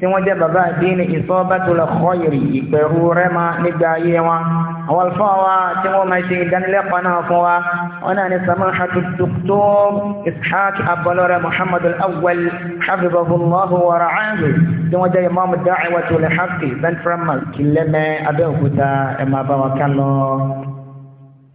tí wọ́n jẹ́ bàbá àdínì ìsọ́bẹ́tòlẹ̀ kọ́yìrì ìpẹ̀rù rẹ́mà nígbà ayé wọn àwọn alfáà wa tí wọ́n máa ṣe ìdánilẹ́kọ̀ọ́ náà fún wa wọn náà ní samahatu dr ishaq abọlọrẹ muhammad al-awwal hafizahullahu wa ra'ahu tí wọ́n jẹ́ imam da'watul haqqi central mosque lẹ́mẹ́ abẹ́òkúta ẹ̀ máa bá wa kán lọ.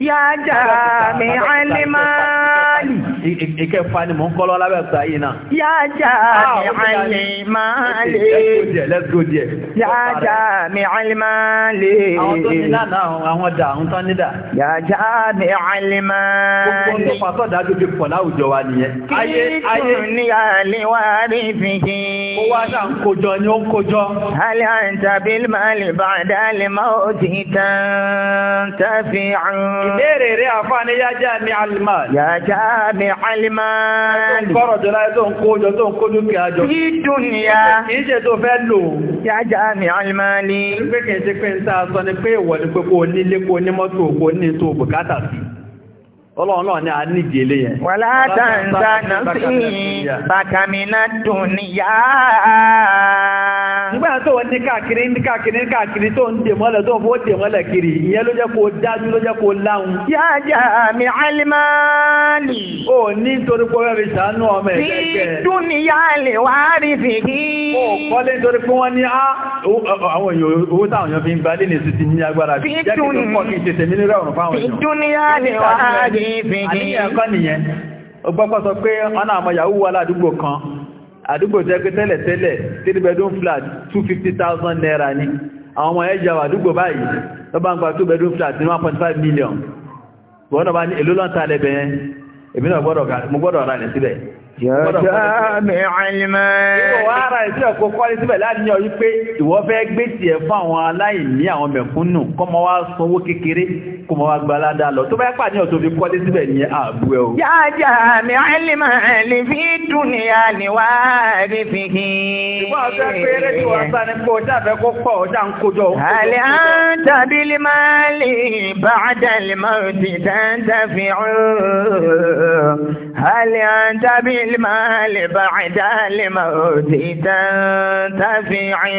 يا جامع لما ìkẹfà ni mò ń kọ́ lọ lábẹ́ta yìí náà. yájá mi àlìmáàlè. let's go there. yájá mi àlìmáàlè. àwọn tó ní lánàá àwọn dà àwọn tó ní dà. yájá mi àlìmáàlè. gbogbo tó pàtó dájú bí pọ̀ láwùjọ wa nìyẹn. ayé ni alìmáàlì. Kọ́rọ̀ jọ láyé tó ń kó jọ tó ń kó dúkìá jọ. Kí dúnìyà. Kìí ṣe tó fẹ́ lò. Yá já mi alìmáàlì. Pé kìí ṣe pé ń sá sọ ni pé ìwọ̀ ni ní mọ́tò ní ètò sí. Ọlọ́run náà ni a ní ìdílé yẹn. Wà sí nígbà tó wọ́n ní káàkiri ní káàkiri ní káàkiri tó ń dèmọ́lẹ̀ tó ń fó dèmọ́lẹ̀ kiri ìyẹn ló jẹ́ kó dájú ló jẹ́ kó láhun. yá jà mí alimali. ó ní torí pé wọ́n fi sànú ọmọ ẹ̀ lẹ́gbẹ̀ẹ́. bí dúnìyá lè wá rí fìdí. ó kọ́lé nítorí pé wọ́n ní á àwọn èèyàn owó táwọn èèyàn fi ń gbalé ní títí ní agbára bí jẹ́ kí ló pọ̀ kí n ṣe tèmi ní rẹ̀wọ̀n fáwọn èèyàn. bí dúnìyá lè wá rí fìdí. àníyàn kọ́ nìyẹn. ó gbọ́kọ́ sọ pé ọ àdúgbò jẹ́ pé tẹ́lẹ̀tẹ́lẹ̀ three flat two fifty thousand naira ni àwọn ọmọ ẹ̀jẹ̀ àwọn àdúgbò báyìí tó bá ń gba two bedroom flat ní one point five million wọ́n náà bá ní èlò lọ́ntà lẹ́bẹ̀ẹ́ èmi náà gbọ́dọ̀ ra ní síbẹ̀ Jọ́jọ́mí àìmọ́. Ìwọ ara ìsí ọ̀kọ́ kọ́lé síbẹ̀ láàrin ọ̀yí pé ìwọ fẹ́ gbé ti ẹ̀ fún àwọn aláìní àwọn mẹ̀kúnnù kọ́ mọ́ wá sanwó kékeré kò mọ́ wá gba aládá lọ. Tó bá pà ní ọ̀tọ̀ fi kọ́lé síbẹ̀ ní àbú ẹ o. Jọ́jọ́mí المال بعد الموت تنتفعي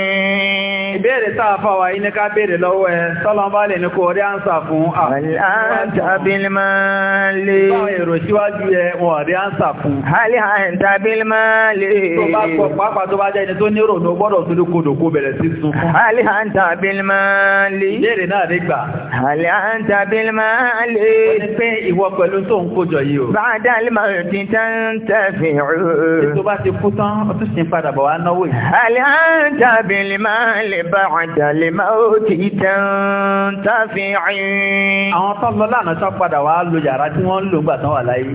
ìbéèrè táa fà wà iníká béèrè lọ́wọ́ ẹ sọ́lọ́n bá lè ní kò rí ánsà fún àwọn àtàbílmálè báwọn èrò síwájú ẹ wọ́n rí ánsà fún hálì àtàbílmálè tó bá pọ̀ pàápàá tó bá jẹ́ ẹni tó ní rònú gbọ́dọ̀ tó ní kodòkó bẹ̀rẹ̀ sí sun fún hálì àtàbílmálè ìbéèrè náà rí gbà hálì àtàbílmálè ṣàfihàn. Ètò bá ti kú tán, ó tún padà bọ̀ wá náwó yìí. tán lọ lánàá tó padà wá lo yàrá tí wọ́n lò gbà tán wà láyé.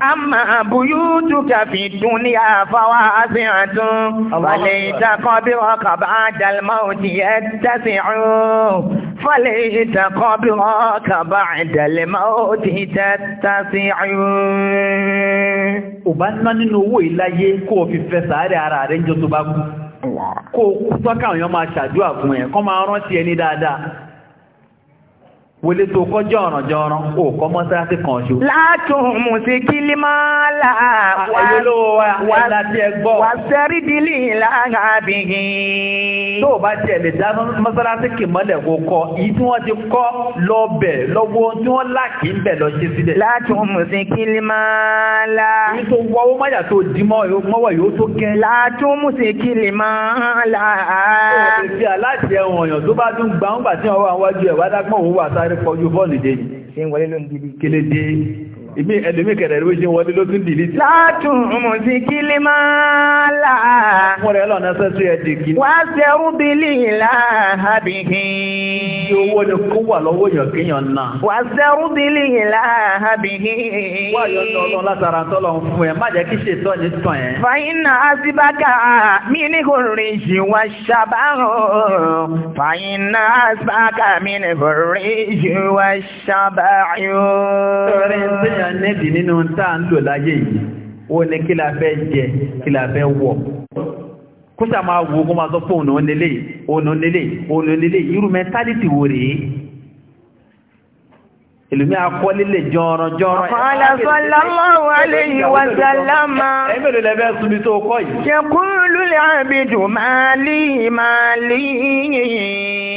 Àmà bùyú dùkà. fi dùn ní àfáwá àti àtún. Wàlẹ̀ ìtakọ́ bí wọ́n kà bá àjà lè máa ó Fọ́lẹ̀ ìtakọ́ bí wọ́n kà bá àjà lè máa ó ò bá ná nínú owó ìláyé kó o fi fẹ́ sàárẹ̀ ara rẹ̀ ń jọ tó bá kú kó o kú sọ́kà àwọn èèyàn máa ṣàdúrà fún ẹ̀ kọ́ máa rántí ẹni dáadáa wòlé tó kọjọ́ ọ̀ràn jọran ó kọ́ mọ́sálásí kan ṣo. látún mùsí kí lè máa là wà sẹ́rí dílì lára tó bá tiẹ̀ lè dá mọ́sálásí kì mọ́lẹ̀ kó kọ́ yìí tí wọ́n ti kọ́ lọ lọ́wọ́ tí wọ́n láàkì ń bẹ̀ lọ ní tó wọ́ ó máyà tó dí mọ́wọ̀ yóò tó gẹ́ látún múṣe kí lè máa láàá tí aláti ẹ̀wọ̀n èèyàn tó bá tún gbà ń gbà tí wọ́n wá wájú ẹ̀wádágbọ̀n òun wà sáré pọ̀jú bọ́ọ̀lù dé yìí ìmí ẹlùmí kẹ̀rẹ̀ rí ṣe wọlé ló tún dìlítì. látún mùsí kí lè máa là. fún rẹ̀ lọ́nà sẹ́sí ẹ̀dì kí. wá sẹ́rú bí lè là ábìhì. iye owó ni kó wà lọ́wọ́ èèyàn kéèyàn náà. wá sẹ́rú bí lè là ábìhì. wá yọ tọ́lọ́ látara tọ́lọ́ fún ẹ má jẹ́ kí ṣe tọ́ ní tàn ẹ́. fàyínà àsìbákà mí ní kò rìn jì wá ṣàbárò. fàyínà àsìbákà mí ní kò rìn jì wá ṣàbárò nẹ́bì nínú táà ń lò láyé yìí ó ní kí la fẹ́ jẹ kí la fẹ́ wọ̀ kó sà wo kó máa sọ pé nílé òun nílé òun nílé irú mẹ́tálítì wò rèé ìlúmí akọ́lélè jọ̀rọ̀ jọ̀rọ̀ ẹ̀.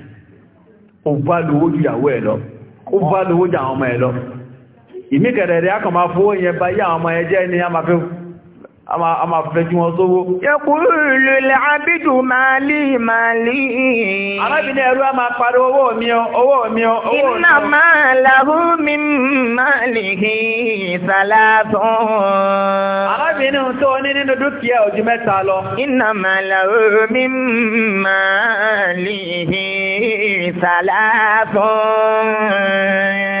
ó bá lówó ju ìyàwó ẹ̀ lọ ó bá lówó ju àwọn ọmọ ẹ̀ lọ ìmíkẹ̀rẹ̀ rẹ̀ á kàn máa fowó yẹn àwọn ọmọ ẹ̀ jẹ́ ni a máa fẹ́ kí wọ́n sówó. Yẹ́kùrù lè àbídù máa lè máa lè. Arábìnrin ẹ̀rú a máa parí owó mi owó mi owó mi Iná máa làrú máa lè kí ìsàlátàn. Arábìnrin tó ní nínú dúkìá ojú mẹ́ta lọ. Iná máa làrú máa lè kí ìsàlátàn.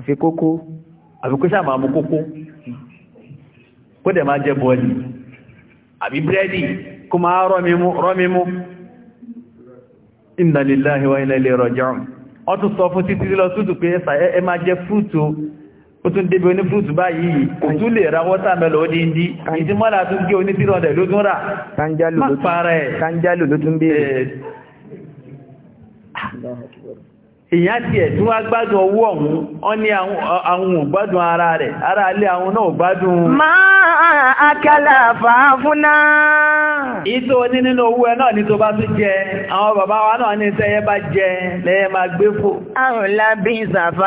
àfi kókó àfi kó sáà máa mú kókó kó dẹ̀ máa jẹ bọ́ọ̀lì àbí búrẹ́dì kó máa rọ́mímú inna lillahi wa inna ilayhi raji'un wọ́n tún sọ fún títí lọ sútù pé ẹ máa jẹ fúrútù ó tún débi oní fúrútù báyìí kò tún lè ra wọ́tàmẹ́lò ó dín dí ìdí mọ́lá tún gé oní tírọ̀ rẹ̀ ló tún rà kanjálù ló tún bèèrè èyàn ti ẹ̀tún wá gbádùn owó ọ̀hún wọ́n ní àwọn ò gbádùn ara rẹ̀ ara alé àwọn náà ò gbádùn máa akálà fàáfúnná ìtò ní nínú owó ẹ náà ní tó bá tún jẹ àwọn bàbá wa náà ní sẹ́yẹ bá jẹ lẹ́yẹ máa gbé fò àrùn lábí ìsàfà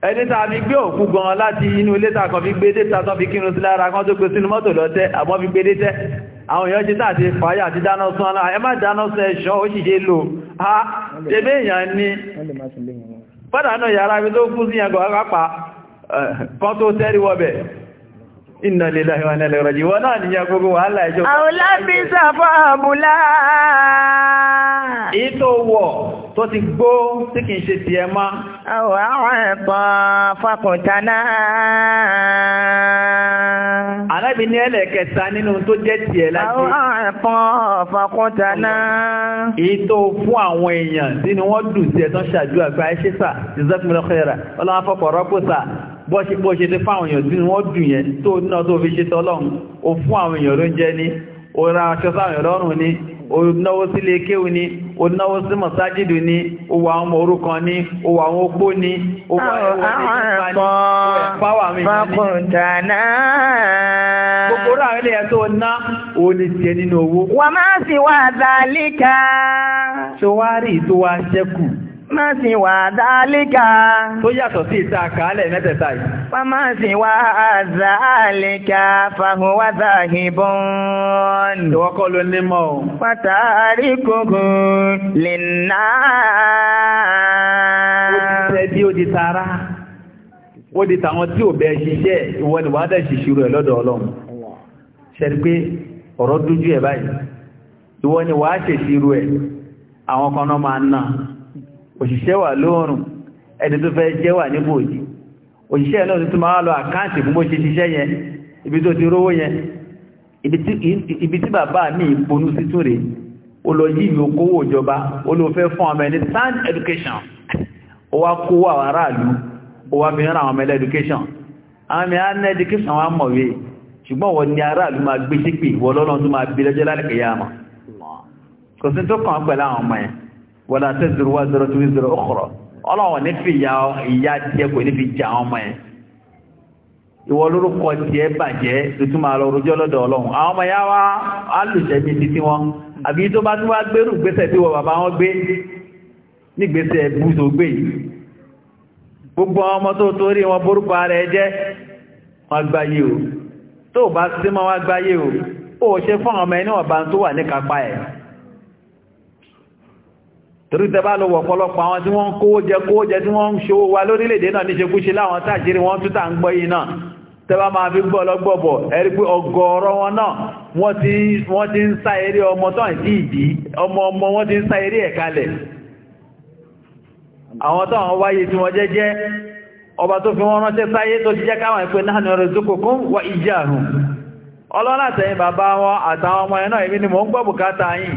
ẹni tàà mi gbé òkú gan láti inú ilé tàà fi gbé dẹ́ta tán fi kírun sí lára kan tó gbé sínú mọ́tò lọ́tẹ́ àmọ́ fi gbé dẹ́tẹ́ àwọn èèyàn jẹ́ tàà ti fàáyà àti dáná sún ara ẹ má dáná sún ẹ̀ṣọ́ ó sì ṣe lò ha tẹ́bẹ́ èèyàn ni fọ́dà náà yàrá ibi tó kú sí inna lillahi wa inna ilaihi raji'un wọ́n náà nìyẹn gbogbo wàhálà ìjọba. àwọn lábí sàfọ́ àbúlá. èyí tó wọ̀ tó ti gbó tí kìí ṣe ti ẹmá. Àwọ̀ àwọn ẹ̀bọn fakùntana. Ànábì ní ẹlẹ́kẹta nínú tó jẹ́ ti ẹ̀ láti. Àwọ̀ àwọn ẹ̀bọn fakùntana. Èyí tó fún àwọn èèyàn tí ni wọ́n dùn sí ẹ̀tọ́ ṣàjú àgbà ẹṣẹ́ sà, ìzọ́kùnrin ọkọ̀ ẹ̀rà, ọlọ́wọ́n Ora òra aṣọ́sáàrẹ̀ lọ́rùn ni onáwó sílé kéwù ni onáwó sí mọ̀sájìdù ni owó àwọn ọmọ òrukàn ni owó àwọn opó ni owó àwọn ẹ̀kọ́ fáwà mi ní máa sì wà dáálíkà. tó yàtọ̀ sí ìta àkàálẹ̀ mẹ́tẹ̀ẹ̀ta yìí. wọ́n máa sì wà dáálíkà fàhùwádà ìbọn. ìwọ kọ́ ló ní mọ́ o. pàtàkì kòkò lè nà á. ó ti tẹ́ bí ó di tara ó di tàwọn tí ò bẹ́ẹ̀ ṣiṣẹ́ ìwọ ni ẹ̀ lọ́dọ̀ ọlọ́run. ṣẹ́ni àwọn kan náà máa ń ná òṣìṣẹ́ wà lóòrùn ẹni tó fẹ́ jẹ́ wà ní bòòjì òṣìṣẹ́ náà tó máa lọ àkáǹtì fún bó ṣe ṣiṣẹ́ yẹn ibi tó ti rówó yẹn ibi tí bàbá mi ìponú sí tún rèé ó lọ ìjọba ó fún ọmọ ẹni sound education ó wá kówó àwọn aráàlú ó fi rán ọmọ ẹlẹ́ education àwọn ọmọ education wa mọ̀wé ṣùgbọ́n wọ́n ní aráàlú máa gbé ṣépè ìwọ lọ́lọ́run tó máa bí lọ́jọ́ lálẹ́kẹ̀ẹ́ yá kò sí tó kàn án pẹ̀lú àwọn ọmọ yẹn wala taziru waziratu wizra ukhra ọlọ́wọ̀n ní fi ìyá tiẹ̀ kò ní fi jẹ àwọn ọmọ ẹ̀ ìwọ lórúkọ tiẹ̀ bàjẹ́ tuntun máa lọ rojọ́ lọ́dọ̀ ọlọ́run àwọn ọmọ yá wá alùsẹ̀mí títí wọn àbí tó bá tún wá gbérù gbésẹ̀ tí wọ bàbá wọn gbé nígbésẹ̀ búso gbé gbogbo ọmọ tó torí wọn borúkọ ara ẹ jẹ́ wọn gbáyé o tó bá símọ́ wọn gbáyé o ó ṣe fún ọmọ ẹni ọ̀bá tó wà ní kápá ẹ̀ torí tẹbá lọ wọ̀ pọ̀lọpọ̀ àwọn tí wọ́n kówó jẹ kówó jẹ tí wọ́n ń ṣòwò wa lórílẹ̀-èdè náà níṣe kúṣe láwọn tàjírí wọ́n tútà ń gbọ́ yìí náà tẹbá máa fi gbọ́ lọ́gbọ̀bọ̀ ẹ̀rí pé ọgọ́ọ̀rọ̀ wọn náà wọ́n ti ń sá eré ọmọ tán ìdí ọmọ ọmọ wọ́n ti ń sá eré ẹ̀ kalẹ̀ àwọn táwọn wáyé tí wọ́n jẹ́jẹ́ ọba tó fi wọ́n ránṣẹ́ sáyé tó ti jẹ́ káwọn ìpé náà ni ọ̀rọ̀ ìzókòkún wà ìjẹ́ àrùn ọlọ́run àtẹ̀yìn bàbá wọn àtàwọn ọmọ ẹ̀ náà èmi ni mò ń gbọ́ bùkátà yìí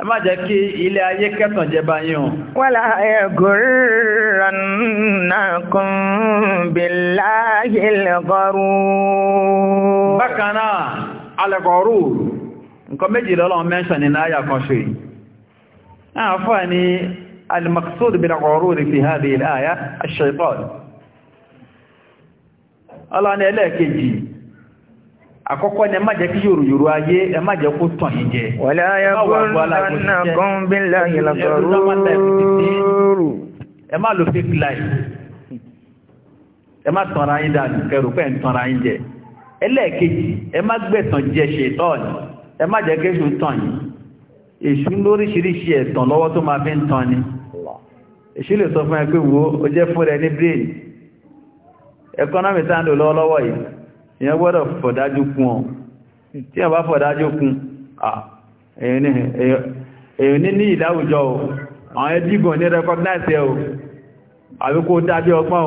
ẹ má jẹ́ kí ilé ayé kẹtàn jẹba yín o. wala yaghurrannakum billahil gharur. bákan náà alẹ́kọ̀ọ́rù nǹkan méjì lọ́lọ́ mẹ́ṣàn ní náà kan ṣe náà fọ́ ní al-maqsud bil-ghurur fi hadhihi al-aya ash-shaytan ọlọ́ni ẹlẹ́ẹ̀kejì àkọ́kọ́ ni ẹ má jẹ́ kí yòròyòrò ayé ẹ má jẹ́ kó tàn yín jẹ. wàlẹ́ ayábọ̀lọ́nà kan bí láyé lọ́gọ́rùrù. ẹ má lo fake life ẹ má tanra yín dànù kẹrù pé ń tanra yín jẹ. ẹlẹ́ẹ̀kejì ẹ má gbẹ̀tàn jẹ ṣètọ́ọ̀nì ẹ má jẹ́ kéṣù tàn yín. èṣù lóríṣiríṣi ẹ̀tàn lọ́wọ́ tó máa fi ń ni. èṣù lè sọ fún ẹ pé wo ó jẹ́ fún rẹ ní brain economy tá ń lò lọ́wọ́lọ́wọ́ yìí ìyẹn gbọ́dọ̀ fọ̀dájú kún ọ tí ẹ bá fọ̀dájú kún èyàn ní ní ìdáwùjọ o àwọn ẹdígbọ̀n ní recognize ẹ o àbí kó dájú ọgbọ́n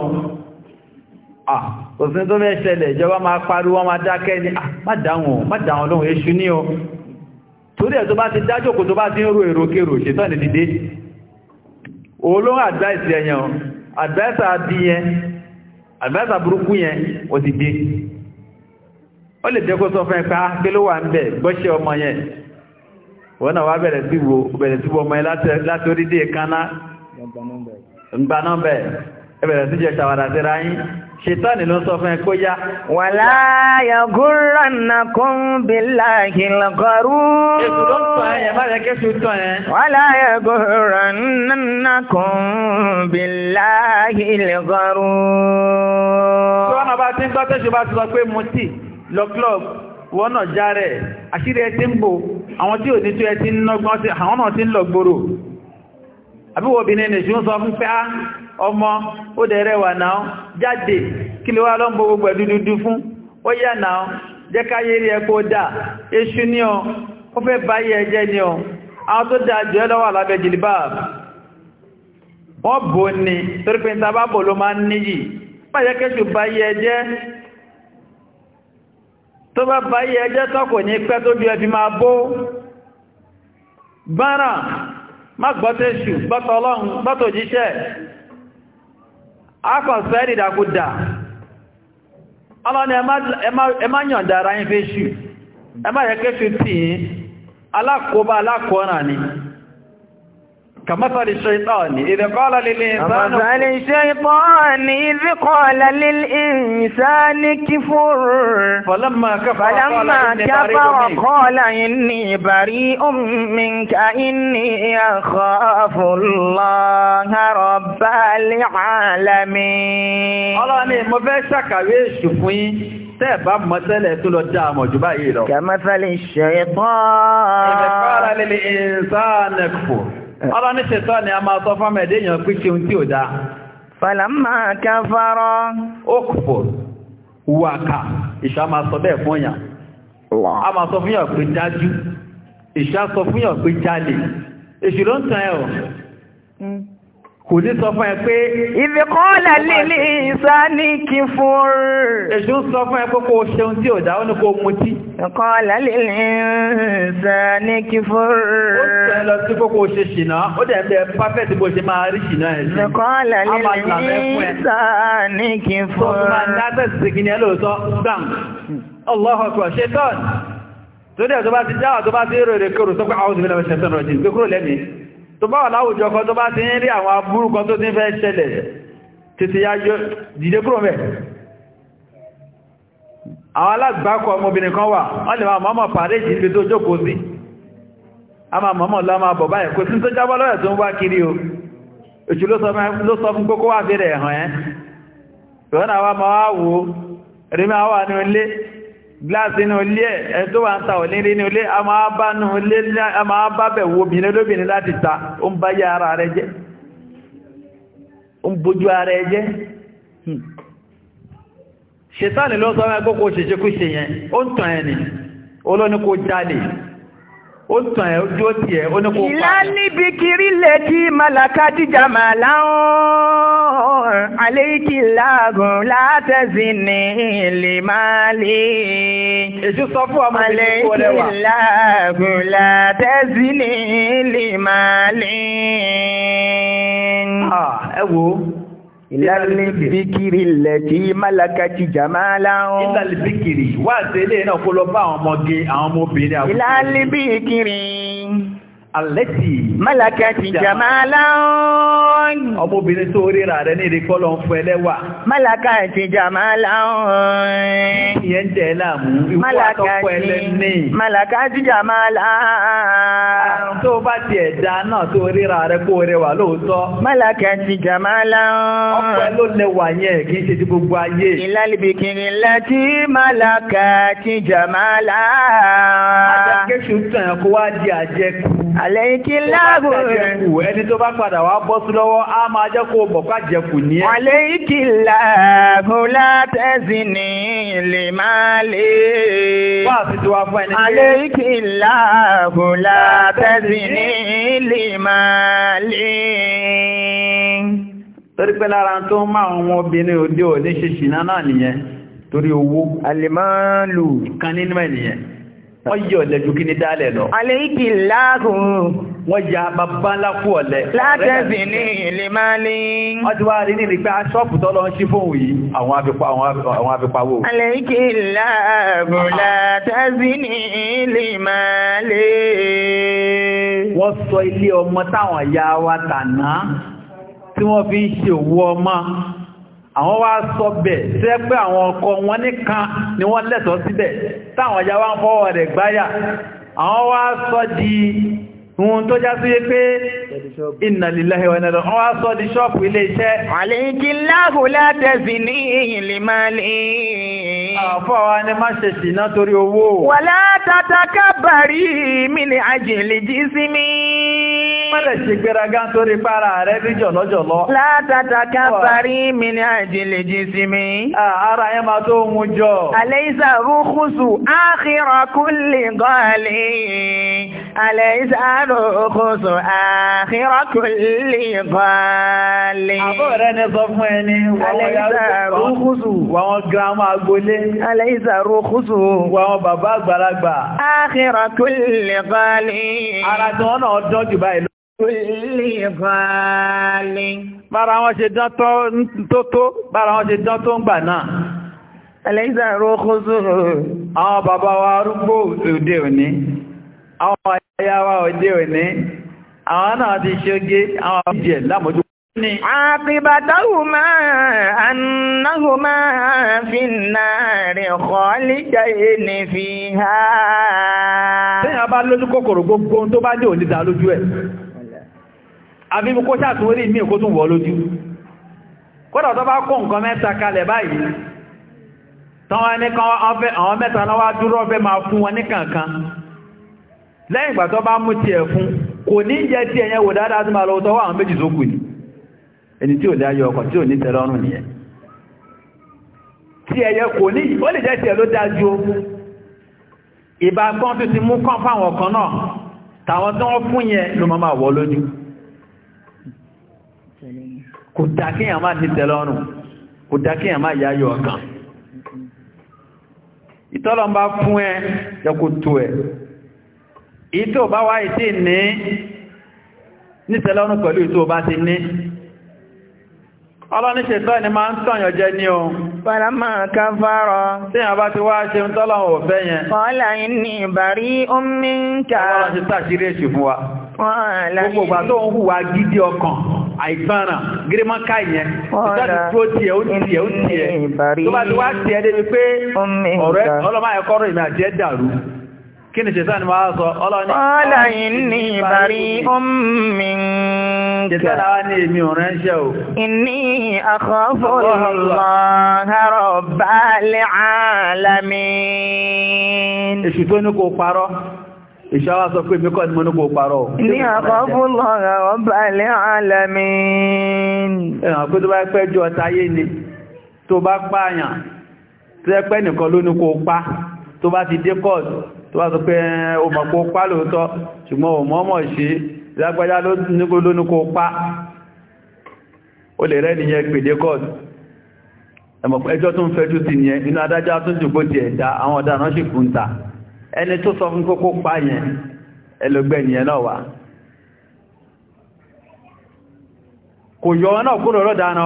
o kò sí tó mẹ́ṣẹlẹ̀ ìjọba máa pariwo máa dákẹ́ ní má dáhùn má dáhùn lóhun èṣù ní o torí ẹ̀ tó bá ti dájú kò tó bá ti ń ro èrò kèrò ṣètọ́ ní dìde olóhùn advice ẹ̀yàn advice àbí yẹn advice burúkú yẹn ò dìde ó lè jẹ́ kó sọ fún ẹ̀ka ah, kí ló wà ń bẹ̀ gbọ́ṣẹ́ ọmọ yẹn wọ́n náà wá bẹ̀rẹ̀ sí wo bẹ̀rẹ̀ sí wo ọmọ yẹn láti orí dé kaná ǹgbà náà bẹ̀ ẹ bẹ̀rẹ̀ sí jẹ́ ṣàwàdà síra yín ṣètọ́nì ló sọ fún kó yá. wà láyà ló ń sọ pé lọ club wọ́n náà já rẹ̀ àṣírí ẹ ti ń bò àwọn tí ò ní tó ẹ ti ń nọ́gbọ́n sí àwọn náà ti ń lọ gbòrò àbíwọ̀ obìnrin nìṣú ń sọ fún pé á ah, ọmọ ó dẹ̀rẹ̀ wà náà jáde kí ló wá lọ́n bó gbogbo ẹ̀dú dúdú fún ó yà náà jẹ́ káyé rí ẹkó dà eṣú ní ọ ó fẹ́ báyé ẹjẹ́ ní ọ àwọn tó dá jù ẹ lọ́wọ́ lábẹ́ jìlìbáàbù wọ́n bò ní torípé ní ló máa ń níyì báyẹ́kẹ́ṣù báyé ẹjẹ́ tó bá bá yí ẹjẹ́ tọ́kò ní pẹ́ tó bí ẹbí máa bó bára má gbọ́tẹ̀ṣù gbọ́tọ̀ọlọ́run gbọ́tòjíṣẹ́ akọ̀sẹ́ ìdàkúdà ọlọ́ni ẹmá yọ̀nda ara yín fẹ́ ṣù ẹmá yẹ kéṣù tí alákòóbá ni كمثل الشيطان إذا قال للإنسان كمثل الشيطان إذا قال للإنسان كفر فلما كفر فلما كفر قال إني بريء منك إني أخاف الله رب العالمين الله ni mo fẹ́ ṣàkàwé èṣù fún yín tẹ́ bá mọ̀ tẹ́lẹ̀ tó lọ já àmọ̀ jù báyìí lọ. كمثل الشيطان إذا قال للإنسان كفر ọlọ́ ní ni a máa sọ fọ́mọ èèyàn pín ṣe ohun tí ò dáa. fàlámà káfárọ́. ó kùfò wàkà ìṣá máa sọ bẹ́ẹ̀ fún yàn. a máa sọ fún pé dájú ìṣá sọ ọ̀. kò ní sọ fún ẹ pé ìfikọ́lẹ̀ lílì ìsáni kí fún ẹ̀ṣù sọ fún ẹ pé kò ṣeun tí ò dá ó ní kò mutí ìfikọ́lẹ̀ lílì ìsáni kí fún ó sẹ́ lọ sí kò ṣe ṣìnà ó dẹ̀ bẹ perfect bó ṣe máa rí ṣìnà ẹ̀ sí ìfikọ́lẹ̀ ìsáni kí fún Allahu akbar tó bá wà láwùjọ kan tó bá ti ń rí àwọn aburú kan tó ti ń fẹ́ ṣẹlẹ̀ títí ya yọ dìde kúrò mẹ́ àwọn alágbàkọ ọmọbìnrin kan wà wọ́n lè máa mọ́mọ̀ pàdéjì ibi tó jókòó sí a máa mọ́mọ̀ lọ máa bọ̀ kò sí tó jábọ́ lọ́rẹ̀ tó ń wá kiri o òṣù ló sọ fún kókó wà fẹ́rẹ̀ ẹ̀hàn ẹ́ gíláàsì ní ilé ẹ̀ tó wà ń ta òní rí inú ilé a máa bá nù ilé a máa bá bẹ̀ wo obìnrin lóbìnrin láti ta o ń bá yá ara rẹ jẹ́ o ń bójú ara ẹ̀ jẹ́ hmm. ṣètàlì lọ́sọ́wọ́ ẹgbókò ṣèṣekú ṣe ṣe yẹn o ń tàn ẹni olóníkó jáde ó tàn ẹ̀ ojú ó ti ẹ̀ ó ní kó pa. ìlà níbi kiri lè di màlàkà jíjà mà láwọn àlékí láàgùn látẹ̀sí ní ilé máa lè. èsì sọ fún ọmọ ìlú ìwọ lẹ́wà. àlékí láàgùn látẹ̀sí ní ilé máa lè. ẹ wo ìlàlẹ́ bíkiri lẹ́tí málakàtí jàmálà ń. ìlàlẹ́ bíkiri wá sí ilé náà kó lọ bá àwọn ọmọge àwọn ọmọbìnrin àwọn. ìlàlẹ́ bíkiri. Àlẹ́tì. Mọ́làkà ti jàmá láwọn. Ọmọbìnrin tó ríra rẹ̀ ní ìrìkọ́lọ̀ ń fẹ́ lẹ́wà. Mọ́làkà ti jàmá láwọn. Ìyẹn jẹ́ láàmú. Mọ́làkà ti Mọ́làkà ti jàmá láwọn. Tó bá ti ẹ̀dá náà tó ríra rẹ̀ kó rẹwà lóòótọ́. Mọ́làkà ti jàmá láwọn. Ọpẹ́ ló lẹ́wà yẹn kì í ṣe ti gbogbo ayé. Ìlàlìbìkìrì láti mọ́làkà ti jàmá láwọn. Adàkẹ́sù tàn kó wá di àjẹkù. Àlẹ́yìnkí láàbò rẹ̀. Ẹni tó bá padà wá bọ́ sí lọ́wọ́, á máa jẹ́ kó bọ̀ ká jẹkù ní ẹ. Àlẹ́yìnkí láàbò látẹ́sí ní ilé máa lè. Wá sí ti fún ẹni. Àlẹ́yìnkí láàbò látẹ́sí ní ilé máa lè. Torí pé lára tó máa wọn obìnrin òde òní ṣe ṣìnà náà nìyẹn torí owó. Àlè máa ń Ìkan nínú ẹ̀ nìyẹn wọ́n yí ọ̀lẹ ju kí ní dálẹ̀ lọ. àlejì láàrùn. wọ́n ya bàbá ńlá kú ọ̀lẹ. látẹ̀sí ní ilé máa ní. wọ́n ti wá rí ní ìgbà ṣọ́ọ̀pù tọ́lọ́ ń ṣí fóun yìí àwọn afipawó. àlejì láàrùn látẹ̀sí ní ilé máa lé. wọ́n sọ ilé ọmọ táwọn ya wa tàná tí wọ́n fi ń ṣe òwú ọmọ àwọn wá sọ bẹ̀ tí ẹ pé àwọn ọkọ wọn nìkan ni wọ́n lẹ́tọ̀ọ́ síbẹ̀ táwọn ọjà wá ń fọwọ́ rẹ̀ gbáyà àwọn wá sọ di ohun tó já sí pé inna lillahi wa inna ilaihi wọ́n wá sọ di ṣọ́ọ̀pù ilé iṣẹ́ àlèkìláhù látẹ̀sì ní ìlìmọ́lì mọ́lẹ̀ ṣe gbéraga torí para rẹ̀ rí jọ̀lọ́jọ̀lọ́. látàtà ká parí mi ní àjìnlẹ̀ jí sí mi. ara yẹn máa tó mú jọ. alẹ́ ìsà rúkúsù áàkìrọ̀ kúlì gọ́ọ̀lì. alẹ́ ìsà rúkúsù áàkìrọ̀ kúlì gọ́ọ̀lì. àbọ̀ rẹ̀ ni sọ fún ẹni wọ́n rúkúsù wọ́n girama ara tí wọ́n náà dọ́jú báyìí Bára wọn ṣe dán tó tó, bára wọn ṣe dán tó ń gbà náà. Ẹlẹ́gbà rókó sóró. Àwọn bàbá wa arúgbó òde òní, àwọn aya wa òde òní, àwọn náà ti ṣoge, àwọn ìjẹ̀ lámójú. Àkìbàtàwù àbí mú kó ṣàtúnwérí mí kó tún wọ́ lójú kódà tó bá kó nǹkan mẹ́ta kalẹ̀ báyìí tánwà ní kan àwọn mẹ́ta náwà dúró ọ̀fẹ́ máa fún wọn ní kankan lẹ́yìn ìgbà tó bá mú ti ẹ̀ fún kò ní jẹ́ tí ẹ̀yẹ wò dáadáa tí máa lọ tọ́wọ́ àwọn méjì tó kù kò dá kí èèyàn máa ti tẹ́lọ́rùn kò dá kí èèyàn máa yáyọ ọkàn ìtọ́lọ̀ bá fún ẹ yẹkò tó ẹ ìtò bá wá ìtì ní nítẹ́lọ́rùn pẹ̀lú ìtò bá ti ní ọlọ́ni ṣètọ́ ni máa ń tọ̀yàn jẹ ní o Fàlámà káfàrọ̀. Tí a bá ti wá ṣe ń tọ́lọ̀ òfẹ́ yẹn. Fọ́lá ní ìbàrí omi ń ká. Ọlọ́run ti tàṣírí èṣù fún wa. Gbogbo ìgbà tó ń hùwà gidi ọkàn àìgbára gírímọ́ káyẹ ìtàdí tó tiẹ̀ ó tiẹ̀ ó tiẹ̀ tó bá ti wá tiẹ̀ débi pé ọ̀rẹ́ ọlọ́mọ ẹ̀kọ́rọ̀ ìmẹ̀ àjẹ́ dàrú kí ni ṣe sáni máa sọ ọlọ́ni ọlá ìṣàwà sọ pé mẹ́kọ́ ni mo ní kò parọ́. ní àkọ́fún lọ́rọ̀ ọba ilẹ̀ alẹ́mí. ẹ̀hàn pé tó bá pẹ́ jọ táyé ni tó bá pààyàn tó ẹ pẹ́ nìkan ló ní kò pa tó bá ti dé kọ́ọ̀tù tó bá sọ pé o mọ̀ kó pa lóòótọ́ ṣùgbọ́n o mọ̀ mọ̀ ṣe lágbájá ló ní kò pa o lè rẹ́ nìyẹn pèdé kọ́ọ̀tù ẹjọ́ tó ń fẹ́jú ti nìyẹn inú adájọ́ tó ń jùgbó ti ẹ̀dá àwọn ọ̀daràn sì kúnta ẹni tó sọ fún kókó pa yẹn ẹlògbẹ́ náà wà kò yọ ọ náà kúrò lọ́dáná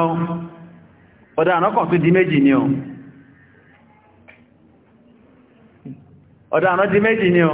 ọ̀dáná kan tó di méjì ni ọ ọ̀dáná di méjì ni ọ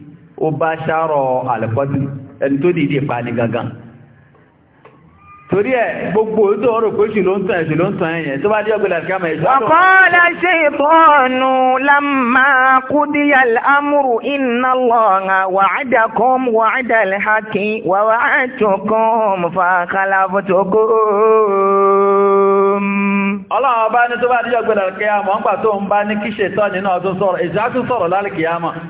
ó bá ṣàrọ̀ àlẹ́kọ́dù ẹni tó dìde ìpani gangan torí ẹ gbogbo tó ọ̀rọ̀ pé ṣù ló ń tàn ẹ̀ṣù ló ń tàn ẹ̀yẹn tó bá dé ọgbẹ̀lá sí àmà ọ̀pọ̀lá ṣe ìtọ́nù lámà kúdíyà al'amuru iná lọ́nà wàádàkọ́m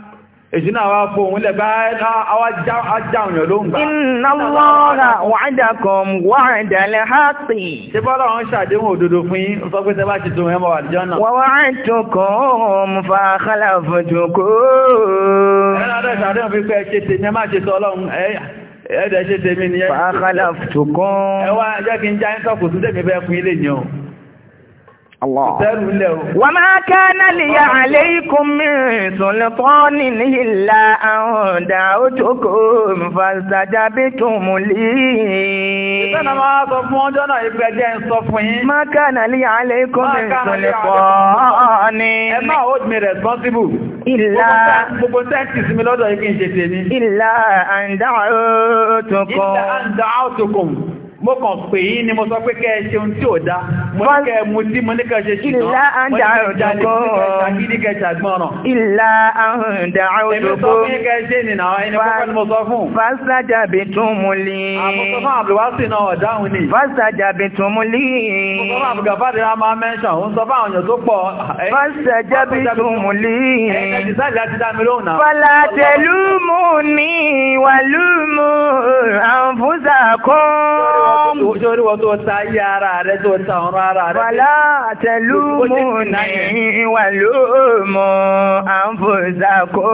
ìṣínà wa fò òun bá ajáwòyàn ló ń gbà. Inna Allaha wa'adakum wa'dal haqqi. Ṣé bọ́lá wọn ṣàdéhùn òdodo fún yín, sọ pé tẹ́ bá ti tó ẹmọ àlùjánnà. Wa wa'adtukum fa khalaftukum. Ẹ̀rọ ṣàdéhùn Fa khalaftukum. fún ilé ni Wọ́n máa ká náà lè yà àlẹ́ ikùn mìíràn sọ̀lọ̀ tọ́ọ̀nì ní ìlà àwọn ọ̀dà ó tókò fàṣàjà bí tún mú lè. Ìtẹ́nà máa sọ fún ọjọ́ náà ìgbẹ́ ń sọ fún yín. Máa ká náà lè yà àlẹ́ Ẹ Ìlà gbogbo tẹ́ǹtì sí mi lọ́dọ̀ yìí kí n Ìlà àǹdà ó Ìlà àǹdà ó mo kàn pè yí ni mo sọ pé kẹ́ ṣe ohun tí ò dá mo ní kẹ́ mú tí mo ní kẹ́ ṣe ṣìdán ìlà àǹdà òdòkó ìlà àǹdà òdòkó fásádàbí tún mú lè fásádàbí tún mú lè fásádàbí tún mú lè fálátẹ̀lú mú ní wàlú mú àǹfúsà kan Ojórí wọn tó ta yí ara rẹ̀ tó ta ọ̀rọ̀ ara rẹ̀. Wàlá àtẹ̀lú mú ní wà ló mọ̀ àǹfòsàkó.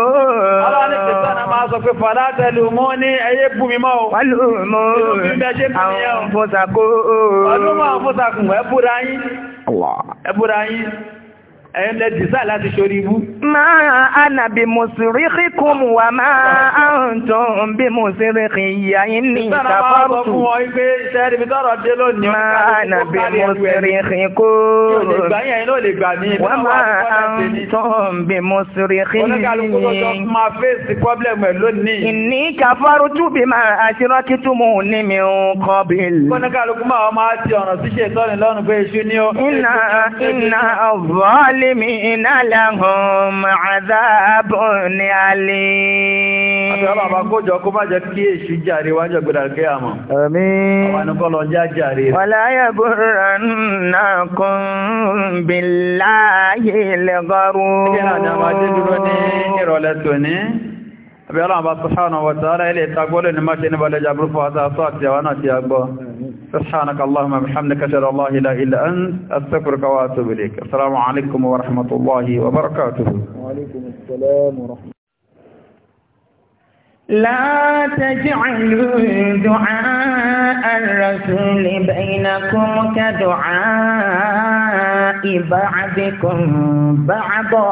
Ọlọ́rin ti sọ́nà máa sọ pé fàlá àtẹ̀lú mú ní ẹyẹ bú mi mọ́. Wà ló mọ̀ àǹfòsàkó. Ọlọ́mọ àǹfòsàkùn ẹ̀búra yín. Ẹ̀búra yín ẹ̀yìn lẹ dìsá láti ṣorí ibú. máa ànàbì mùsùlùmí kíkún wà máa àǹtọ̀ bí mùsùlùmí ìyá yín ní ìtàkọ́rùtù. máa ànàbì mùsùlùmí kíkún wà máa àǹtọ̀ bí mùsùlùmí yín. ìní ìtàkọ́rùtù bí máa àṣírọ́kítù mú ní mi ń kọ́ bíl. kọ́nìkàlùkù máa máa ti ọ̀nà síṣe tọ́ni lọ́rùn pé iṣu ni ó. ìnà ìnà ọ̀vọ́ọ̀lì zálímìnà lahum àdábùn alim. àti ọlọ́run bá kójọ kó má jẹ́ kí èṣù jàre wájọ gbẹdàgbé kí a mọ̀. Àmín. Àwọn ọ̀nàkọ́lọ já jàre. Wàlá yagurrannakum billahi al-gharur. Kí náà ìtagbọ́lẹ̀ ni máa ṣe ní balẹ̀ jàbúrú àti àwọn àti àgbọ́. سبحانك اللهم وبحمدك اشهد ان لا اله الا انت استغفرك واتوب اليك السلام عليكم ورحمه الله وبركاته وعليكم السلام ورحمه لا تجعلوا دعاء الرسول بينكم كدعاء بعضكم بعضا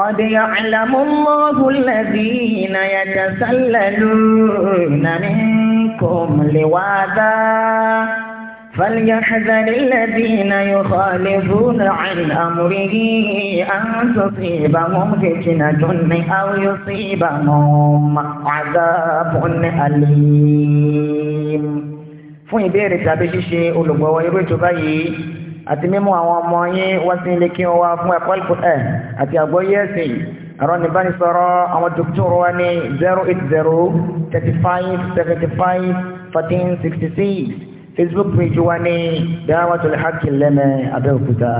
قد يعلم الله الذين يتسللون منكم منكم لواذا فليحذر الذين يخالفون عن أمره أن تصيبهم فتنة أو يصيبهم عذاب أليم fún ìbéèrè tàbí ṣíṣe olùgbọ̀wọ́ irú ètò báyìí àti mímú àwọn ọmọ yín wá sí ilé kí wọ́n wá fún ẹ̀kọ́ ẹ̀ àti àgbọ́yé ẹ̀sìn ẹ̀rọ ìbánisọ̀rọ̀ àwọn dókítọ̀rọ̀ wa ní zero facebook page wa ní dáwàtò lè hákì lẹ́mẹ̀ẹ́ abẹ́òkúta.